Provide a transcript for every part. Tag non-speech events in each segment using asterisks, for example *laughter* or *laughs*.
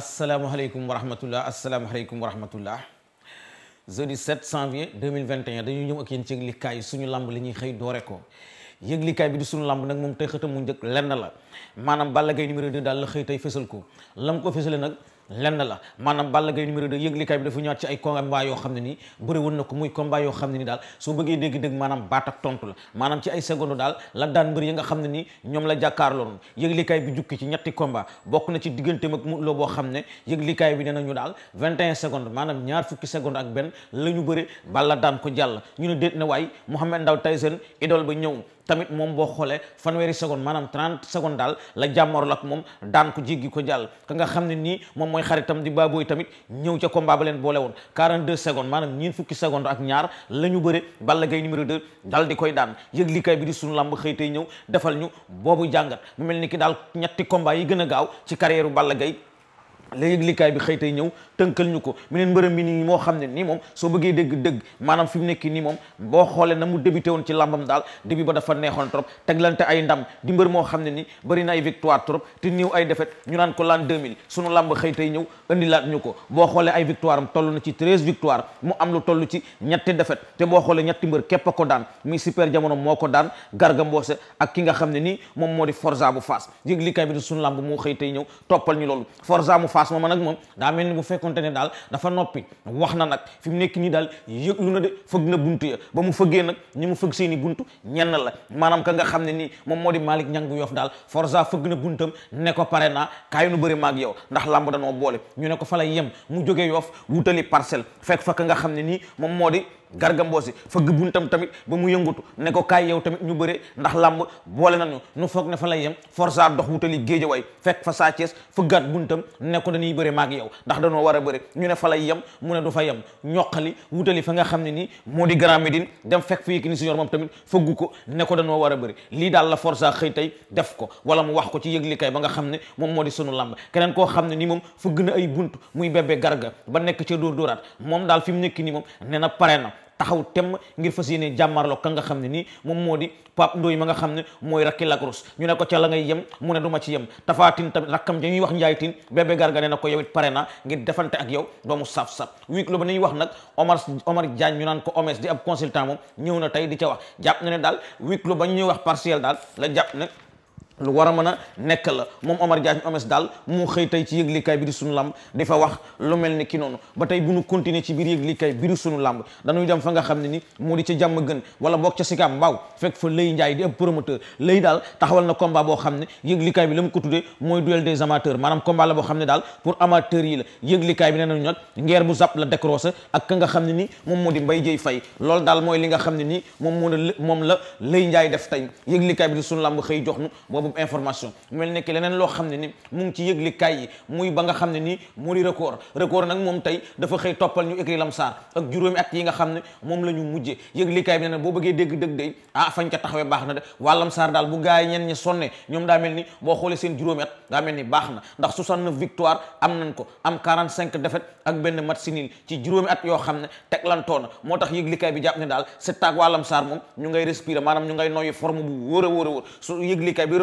asalaamaaleykum wa rahmatullah asalaamaaleykum wa rahmatullah jeudi 7 janvier 2021 dañuy ñëw ak yéen ci yëglikaay suñu lamb li ñuy xëy doore ko yëglikaay bi di suñu lamb nag moom tey xëtam mu njëkk lenn la maanaam Balla Gaye numéro 2 daal la xëy tey fësal ko lam ko fësale nag lenn la maanaam Balla Gaye numéro 2 yëglikaay bi dafa ñëwaat ci ay combat yoo xam ne nii bëri woon na ko muy combat yoo xam ne ni daal soo bëggee dégg-dégg maanaam baat ak tontu la maanaam ci ay seconde daal la daan mbër yi nga xam ne nii ñoom la jàkkaarloon yëglikaay bi jukki ci ñetti combat bokk na ci digganteem ak Modou boo xam ne yëglikaay bi nee nañu daal 21 secondes maanaam ñaar fukki seconde ak benn la ñu bëre Balla daan ko jàll ñu ne déet na waay Mouhamed Ndao Tyson idole ba ñëw tamit moom boo xoolee fanweeri seconde maanaam 30 secondes daal la jàmmarul ak moom daan ko jéggi ko jàll ka nga xam ne nii moom mooy xaritam di baabooy tamit ñëw ca combat ba leen boole woon 42 secondes maanaam ñeent fukki secondes ak ñaar la ñu bëre Balla Gaye numéro 2 dal di koy daan yëglikaay bi di suñu lamb xëy tey ñëw defal ñu boobu jàngat mu mel ni ki daal ñetti combat yi gën a gaaw ci carrière Balla Gaye léegi likaay bi xëy tey ñëw tënkal ñu ko mu neen mbërëm bi nii moo xam ne nii moom soo bëggee dégg dëgg maanaam fi mu nekk nii moom boo xoolee na mu débuté woon ci làmbam daal dafa neexoon trop teglante ay ndam di moo xam ne nii bëri na ay victoire trop te néew ay défaite ñu naan ko l'an 2000 sunu làmb xëy tey ñëw indilaat ñu ko boo xoolee ay victoire am toll na ci 13 victoire mu am lu toll ci ñetti défaite te boo xoolee ñetti mbër képp a ko daan muy super jamono moo ko daan garga mboose ak ki nga xam ne nii moom moo di forza bu faas yéegi likaay bi di sunu làmb moo xëy tey ñëw toppal ñu loolu forza mu faas Fass mooma nag moom daa mel ni bu fekkonte ne daal dafa noppi wax na nag fi mu nekk nii daal yëglu na de fëgg na bunt ya ba mu fëggee nag ñi mu fëgg seeni bunt ñenn la maanaam ka nga xam ne nii moom moo di Malick Ñangu Yoff daal Forza fëgg na buntam ne ko pare naa kaay nu bëri maag yow ndax làmb danoo boole ñu ne ko fa la yem mu jógee Yoff wutali parcelle fekk fa ka nga xam ne nii moom moo di garga mboosi fëgg buntam tamit ba mu yëngutu ne ko kaay yow tamit ñu bëre ndax làmb boole nañu nu foog ne fa la yem forsa dox wutali géejawaay fekk fa Sa Thiès fëggaat buntam ne ko dañuy bëre yow ndax dañoo war a bëre ñu ne fa lay yem mu ne du fa yem ñoqali wutali fa nga xam ne nii moo di Grand Médine dem fekk fi Yékini Senior moom tamit fëggu ko ne ko dañoo war a bëre lii daal la forsa xëy tey def ko wala mu wax ko ci yëglikaay ba nga xam ne moom moo di sunu làmb keneen koo xam ne ni moom fëgg na ay bunt muy bébé garga ba nekk ca door dóoraat moom daal fi mu nekk ni moom ne na pare na taxaw temm ngir fas yéene jàmmarloo ka nga xam ne nii moom moo di Pape Ndoye ma nga xam ne mooy rakki lagros ñu ne ko ca la ngay yem mu ne du ci yem tafaatin tamit rakkam ja ñuy wax njaaytin na ko yow pare na ngir defante ak yow doomu saf-saf wii lo ba ñuy wax nag Omar Omar ñu naan ko omes di ab consultant moom ñëw na tey di ca wax jàpp na ne daal wii lo ba ñuy wax partiel daal la jàpp ne lu war a mën a nekk la moom Omar Diagne Omes daal moo xëy tey ci yëglikaay bi di sunu lamb di fa wax lu mel ni ki noonu ba tey bu nu continuer ci biir yëglikaay bi na combat boo xam ne yëglikaay bi la mu ko tuddee mooy di sunu lamb xëy jox nu boobu boobu information mel nekk leneen loo xam ne ni mu ci yëgli yi muy ba nga xam ne nii moo di record record nag moom tey dafa xëy toppal ñu écrit lamsaar ak juróomi at yi nga xam ne moom la ñu mujje yëgli kaay bi ne boo bëggee dégg dëgg day ah fañ ca taxawee baax na de waa lamsaar daal bu gaay ñen ñi sonne ñoom daa mel ni boo xoolee seen juróomi at daa mel ni baax na ndax 69 victoire am nañ ko am 45 défaite ak benn match si niil ci juróomi at yoo xam ne teglantoo na moo tax yëglikaay bi jàpp ne daal c'est ak waa lamsaar moom ñu ngay respirer maanaam ñu ngay noyyi a wóor a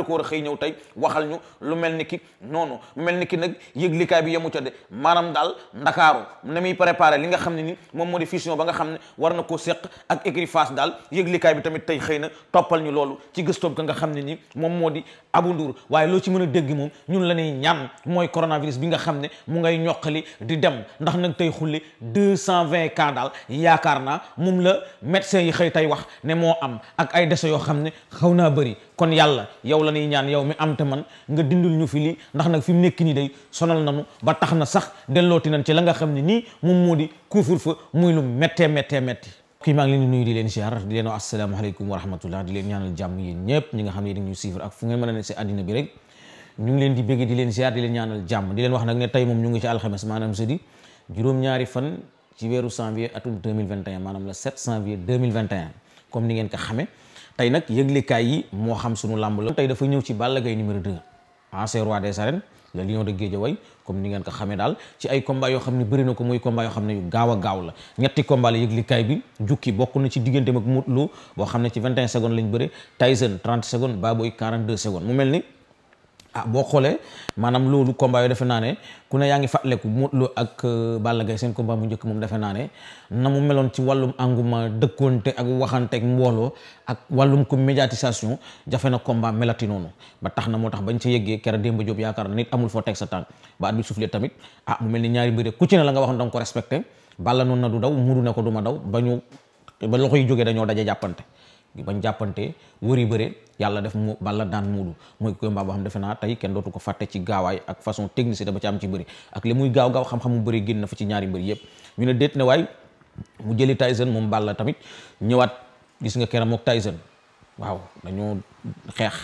wóor war a xëy ñëw tey waxal ñu lu mel ni ki noonu mel ni ki nag yëglikaay bi yemu ca de maanaam daal ndakaaru na muy préparé li nga xam ne ni moom moo di fusion ba nga xam ne war na ko seq ak écurie Fass daal yëglikaay bi tamit tey xëy na toppal ñu loolu ci gëstoom ka nga xam ne ni moom moo di Abou waaye loo ci mën a dégg moom ñun la ñuy ñaan mooy coronavirus bi nga xam ne mu ngay ñoqali di dem ndax nag tey xulli deux cent vingt cas daal yaakaar naa moom la médecin yi xëy tey wax ne moo am ak ay dese yoo xam ne xaw naa bëri kon yàlla yow la dañuy ñaan yow mi am te man nga dindul ñu fi ndax nag fi mu nekk nii day sonal nañu ba tax na sax dellooti nañ ci la nga xam ne nii moom moo di couvre-feu muy lu méttee méttee métti kii maa ngi di leen siyaar di leen wax asalaamaaleykum wa rahmatullah di leen ñaanal jàmm yéen ñëpp ñi nga xam ne dañuy suivre ak fu ngeen mën a ne si àddina bi rek ñu ngi leen di bégge di leen siyaar di leen ñaanal jàmm di leen wax nag ne tey moom ñu ngi ci alxames maanaam jeudi juróom-ñaari tey nag yëglikaay yi moo xam sunu làmb la tey dafa ñëw ci Balla Gaye numéro 2 ancien roi des arènes le lion de Guédiawaye comme ni ngeen ko xamee daal ci ay combat yoo xam ne bëri na ko muy combat yoo xam ne yu gaaw a gaaw la ñetti combat la yëglikaay bi jukki bokk na ci digganteem ak Modou Lô boo xam ne ci 21 secondes lañ bëre Tyson 30 secondes Baboy 42 secondes mu mel ni ah boo xoolee maanaam loolu combat yooyu defe naa ne ku ne yaa ngi fàttaleku Modou Lo ak euh, Balla Gaye seen combat mu njëkk moom defe naa ne na mu meloon ci wàllum engouement dëkkoonte ak waxante ak mbooloo ak wàllum ko médiatisation jafe na combat melati noonu ba tax na moo tax bañ ci yëggee kere Demba Diop yaakaar na nit amul foo teg sa tànk ba at bi soufflé tamit ah mu mel ni ñaari mbir ku ci ne la nga waxoon da nga ko respecté Balla noonu na du daw ko du ma daw ba ñu ba loxo yi jógee dañoo daje jàppante bañ jàppante wëri bëre yàlla def mu balla daan muudu mooy combat boo xam defe naa tey kenn dootu ko fàtte ci gaawaay ak façon technicité ba ci am ci bëri ak li muy gaaw gaaw xam-xamu bëri génn na fa ci ñaari mbëri yëpp ñu ne déet ne waay mu jëli Tyson moom balla tamit ñëwaat gis nga keram ak Tyson waaw dañoo xeex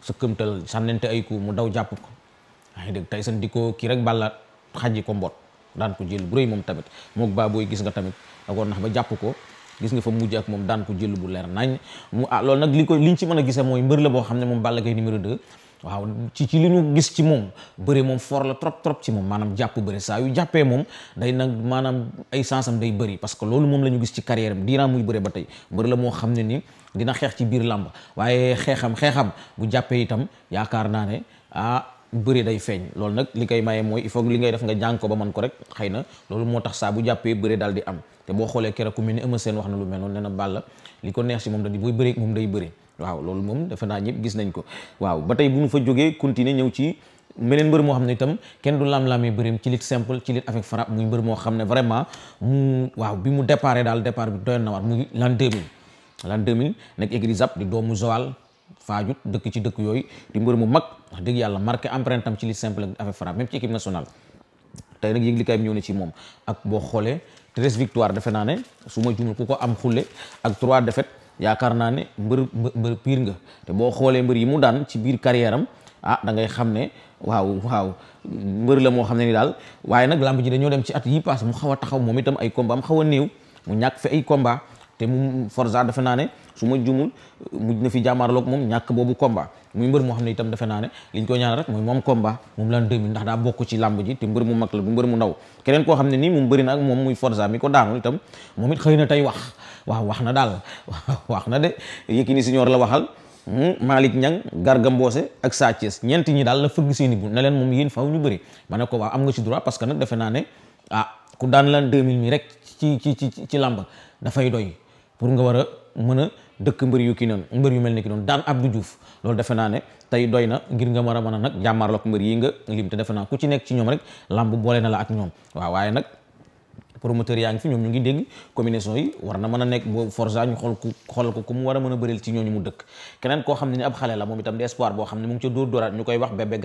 sa këmtal sànnente ay ko mu daw jàpp ko yaa ngi dégg Tyson di ko kii rek balla xaji ko mboot daan ko jël bu rëy moom tamit mook baa booy gis nga tamit da nax ba jàpp ko gis nga fa mujj ak moom daan ko jël bu leer nañ mu ah loolu nag li ko liñ ci mën a gisee mooy mbër la boo xam ne moom Balla Gaye numéro 2 ci li gis ci moom bëre moom fort la trop trop ci moom maanaam jàpp bëre saa jàppee moom day nag maanaam ay sansam day bëri parce que loolu moom la ñu gis ci carrière am dinaa muy bëre ba tey mbër la moo xam ne ni dina xeex ci biir làmb waaye xeexam xeexam bu jàppee itam yaakaar naa ne ah bëri day feeñ loolu nag li koy maye mooy il faut li ngay def nga jàng ko ba man ko rek xëy na loolu moo tax saa bu jàppee bëre daal di am te boo xoolee keroog ku mel ni Eumeu Sène wax na lu mel noonu nee na Balla li ko neex si moom da di buy bëri moom day bëri waaw loolu moom defe naa ñëpp gis nañ ko waaw ba tey bu ñu fa jógee continuer ñëw ci meneen mbër moo xam ne itam kenn du lam-laamee bërim ci lutte simple ci lutte avec frappe muy mbër moo xam ne vraiment mu waaw bi mu départ daal départ bi doyoon na waar muy l'an 2000 l'an 2000 nekk écurie Zapp di doomu Joal Faajut dëkk ci dëkk yooyu di mbër mu mag wax dëgg yàlla marqué empreinte am ci lutte simple avec frappe même ci équipe nationale tey nag yëglikaay bi ñëw na ci moom boo xoolee treize victoire defe naa ne su ma jumul ku ko am xulle ak trois défaites yaakaar naa ne mbër mbër piir nga te boo xoolee mbër yi mu daan ci biir carrière ah da ngay xam ne waaw waaw mbër la moo xam ne ni daal waaye nag lamb ji dañoo dem ci at yi passé mu xaw a taxaw moom itam ay combat mu xaw a néew mu ñàkk fi ay komba te mu Forza defe naa ne su ma jumul mujj na fi jàmmaarloog moom ñàkk boobu combat muy mbër moo xam ne itam defe naa ne li ñu rek mooy moom combat moom mu la bu mbër mu ndaw keneen koo xam ne nii moom bëri na ak moom muy Forza mi ko daanul itam moom it xëy na tey wax waaw wax na daal *laughs* wax na de Yékini Senior la waxal hmm, Malick Niang Garga Mbossé ak Sa Thiès ñi daal la fëgg seeni bu ne leen moom yéen faaw ñu bëri ma ne ko waaw am nga ci droit parce que nag defe naa ah ku daan lan 2000 mi rek ci ci ci ci làmb dafay doy pour nga war dëkk mbër yu ki noonu mbër yu mel ni ki noonu daan Abdou Diouf loolu defe naa ne tey doy na ngir nga war a mën a nag jàmmaarloo ak mbër yi nga lim te defe naa ku ci nekk ci ñoom rek lamb boole na la ak ñoom waaw waaye nag promoteur yaa ngi fi ñoom ñu ngi dégg combinaison yi war na mën a nekk boo forza ñu xool ku xool ko ku mu war a mën a bëreel ci ñooñu mu dëkk keneen koo xam ne ni ab xale la moom itam di espoir boo xam ne mu ngi ca dóor dóoraat ñu koy wax bébé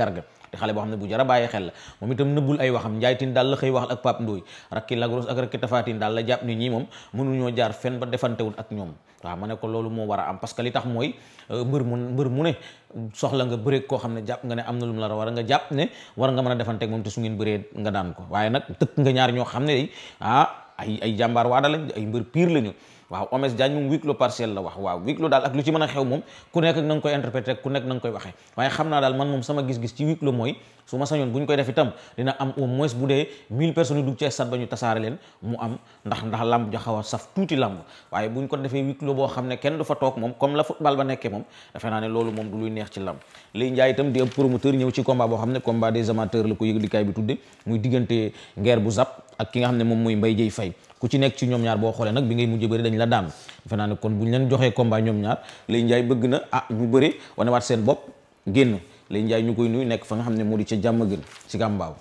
te xale boo xam ne bu jara bàyyi xel la moom itam nëbbul ay waxam njaaytin daal la xëy waxal ak Pape Ndoye rakki lagros ak rakki tafaatin daal la jàpp ni ñii moom mënuñoo jaar fen ba defantewul ak ñoom waaw ma ne ko loolu moo war a am parce que li tax mooy euh, mbër mu mbër mu ne soxla nga bëre koo xam ne jàpp nga ne am na lu mu la war a nga jàpp ne war nga mën a defanteeg moom te su ngeen bëree nga daan ko waaye nag tëkk nga ñaar ñoo xam ne ah ay ay jàmbaar waada lañ ay mbër pire lañu waaw Omez Diagne moom huis partiel la wax waaw huis clos daal ak lu ci mën a xew moom ku nekk na nga koy interpréter ku nekk na nga koy waxee waaye xam naa daal man moom sama gis-gis ci huis clos mooy su ma sañoon bu ñu koy def itam dina am au moins bu dee mille ci stade ba leen mu am ndax ndax xaw a saf tuuti lamb waaye bu ñu ko defee huis boo xam ne kenn du fa toog moom comme la football ba nekkee moom defe naa ne loolu moom du luy neex ci lamb liy njaay itam di ab promoteur ñëw ci combat boo xam ne combat des ko yëglikaay bi tudde muy diggante ngeer bu zap ak ki nga ne moom mooy mbay jëy fay ku ci nekk ci ñoom ñaar boo xoolee nag bi ngay mujj bëri dañ la daan defe naa ne kon leen joxee combat ñoom ñaar Laye Ndiaye bëgg na ah ñu bëri wane waat seen bopp génn Laye Ndiaye ñu koy nuyu nekk fa nga xam ne moo di ca jàmm gën si gàmbaaw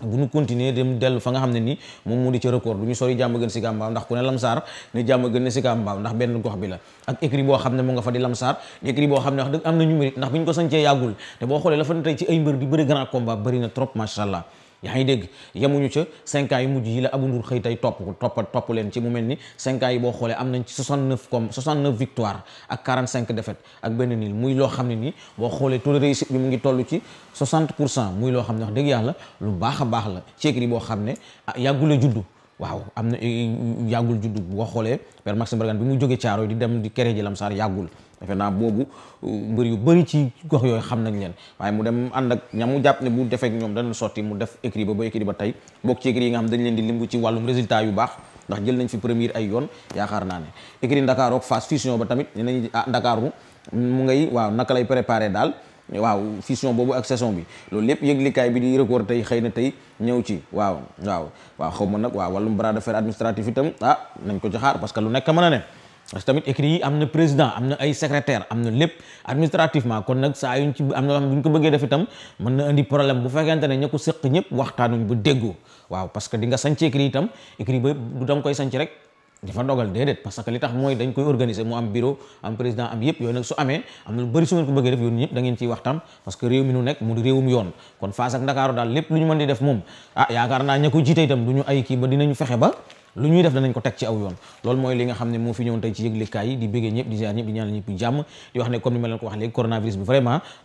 bu ñu continuer dem dellu ne nii moom moo di ca record du ñu sori jàmm gën si gàmbaaw ndax ku ne lamsaar ne jàmm gën ne si gàmbaaw ndax benn gox bi la ak écrit boo xam ne mu nga fa di lamsaar écrit boo xam ne wax dëgg am na ñu mérite ndax bi ñu ko sancee yàggul te boo xoolee la fa ne tey ci na trop macha allah yaa ngi dégg yemuñu ca cinq ans yu mujj yi la Abou xëy tey topp topp topp leen ci mu mel ni cinq ans yi boo xoolee am nañ ci 69 comme 69 victoire ak 45 défaites ak benn niil muy loo xam ne nii boo xoolee taux de réussite bi mu ngi toll ci 60 pour cent muy loo xam ne wax dëgg yàlla lu baax a baax la ci écurie boo xam ne ah, yàggule juddu waaw am na eh, yàggul juddu boo xoolee Père Maxime Bergane bi mu jógee Caaroy di dem di kere ji Lamsaar yàggul defe naa boobu eh, mbër yu bëri ci gox yooyu xam nañ leen waaye mu dem ànd ak ñam mu jàpp ne bu defek ñoom dana sotti mu def écrit ba ba écrit ba tey bokk ci écrit yi nga xam dañ leen di limbu ci wàllum résultat yu baax ndax jël nañ fi premier ay yoon yaakaar naa ne écrit Ndakaaru ak Fass fusion ba tamit ne nañ ah Ndakaaru mu ngay waaw naka lay préparé daal waaw fusion boobu ak saison bi loolu lépp yëglikaay bi di record tey xëy na tey ñëw ci waaw waaw waaw xaw ma nag waaw wàllum bras de fer administratif itam ah nañ ko ci xaar parce que lu nekk mën a ne parce que tamit écrit yi am na président am na ay secrétaire am na lépp administrativement kon nag saa yuñ ci am na loo xam duñ ko bëggee def itam mën na indi problème bu fekkente ne ña sëq ñëpp waxtaanuñ bu déggoo waaw parce que di nga sanc écrit itam écrit ba du rek dafa dogal déedéet parce que li tax mooy dañ koy organiser mu am bureau am président am yëpp yooyu nag su amee am na lu bëri su ngeen ko bëggee def yoon ñëpp da ngeen ciy waxtaan parce que réew mi nu nekk mu di réewum yoon kon Fass ak Ndakaaru daal lépp lu ñu mën di def moom ah ne moo fi ñëwoon tey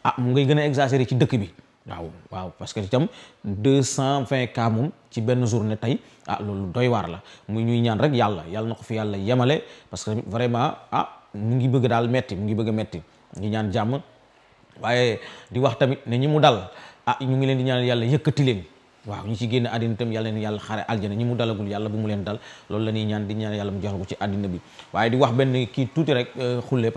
ah mu ngay gën a ci dëkk bi waaw waaw parce que itam deux cent vingt cas moom ci benn tey ah loolu doy waar la mu ñuy ñaan rek yàlla yàlla na ko fi yàlla yemale parce que vraiment ah mu ngi bëgg daal metti mu ngi bëgg a metti ñu ñaan jàmm waaye di wax tamit ne ñi mu dal ah ñu ngi leen di ñaan yàlla yëkkati leen waaw ñi ci génn àddina tam yàlla na yàlla xare aljana ñi mu dalagul yàlla bu mu leen dal loolu la ñuy ñaan di ñaan yàlla mu jox ko ci àddina bi waaye di wax benn kii tuuti rek euh, xulle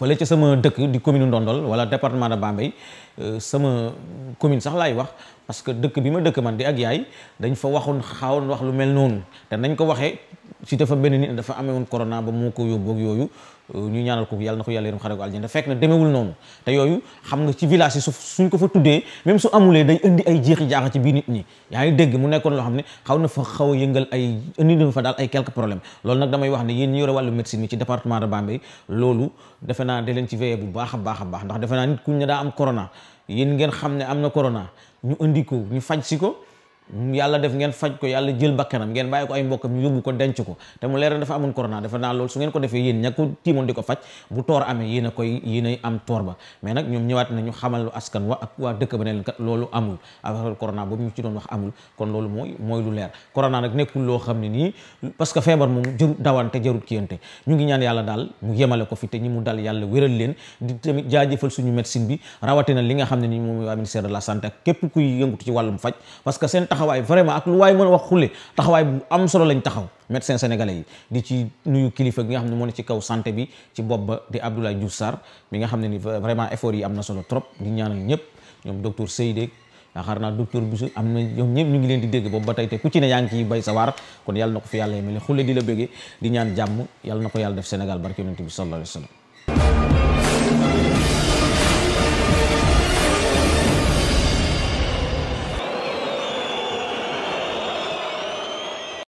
fële ca sama dëkk di commune Ndondol wala département de Bambey euh, sama commune sax laay wax parce que dëkk bi ma dëkk man di ak yaay dañ fa waxoon xaawoon wax lu mel noonu te nañ ko waxee si dafa benn nit dafa amee woon corona ba moo ko yóbbu ak yooyu euh, ñu ñaanal ko yàlla ay jeexi jaaxa ci nit ñi yaa ngi dégg mu nekkoon loo xam ne xaw na xaw a yëngal ay indi na fa daal wax ne yéen ñi yore wàllu bu baax a baax a baax ndax defe daa am corona yéen ngeen xam ne am na corona ñu indi ko ñu faj si ko yàlla def ngeen faj ko yàlla jël bakkanam ngeen bàyyi ko ay mbokkam ñu yóbbu ko denc ko te mu leer dafa amoon corona dafa naa loolu su ngeen ko defee yéen ña ko tiimoon di ko faj bu toor amee yéen a koy yéen a am toor ba mais nag ñoom ñëwaat nañu xamal askan wa ak waa dëkk ba ne leen kat loolu amul affaire corona ñu doon wax amul kon loolu mooy mooy lu leer corona nag nekkul loo xam ne nii parce que feebar moom jarut dawante jarut kiyante ñu ngi ñaan yàlla daal mu yemale ko fi te ñi mu dal yàlla wéral leen di tamit jaajëfal suñu médecine bi rawatina li nga xam ne nii moom waa ministère la santé képp kuy yëngutu ci wàllum faj parce taxawaay vraiment waay mën a wax xulle taxawaay bu am solo lañ taxaw médecin sénégalais yi di ci nuyu kilifa gi nga xam ne moo ne ci kaw santé bi ci bopp ba di Abdoulaye Diouf Sarr mi nga xam ne ni vraiment effort yi am na solo trop di ñëpp ñoom docteur Seyde yaakaar naa na ñoom ñëpp ñu ngi leen di dégg boobu ba tey te ku ci ne yaa ngi ciy bay sa waar kon yàlla na ko fi yàlla yemale xulle di la béggee di ñaan jàmm yàlla na ko yàlla def Sénégal barke yonent bi sallallahu alayhi wa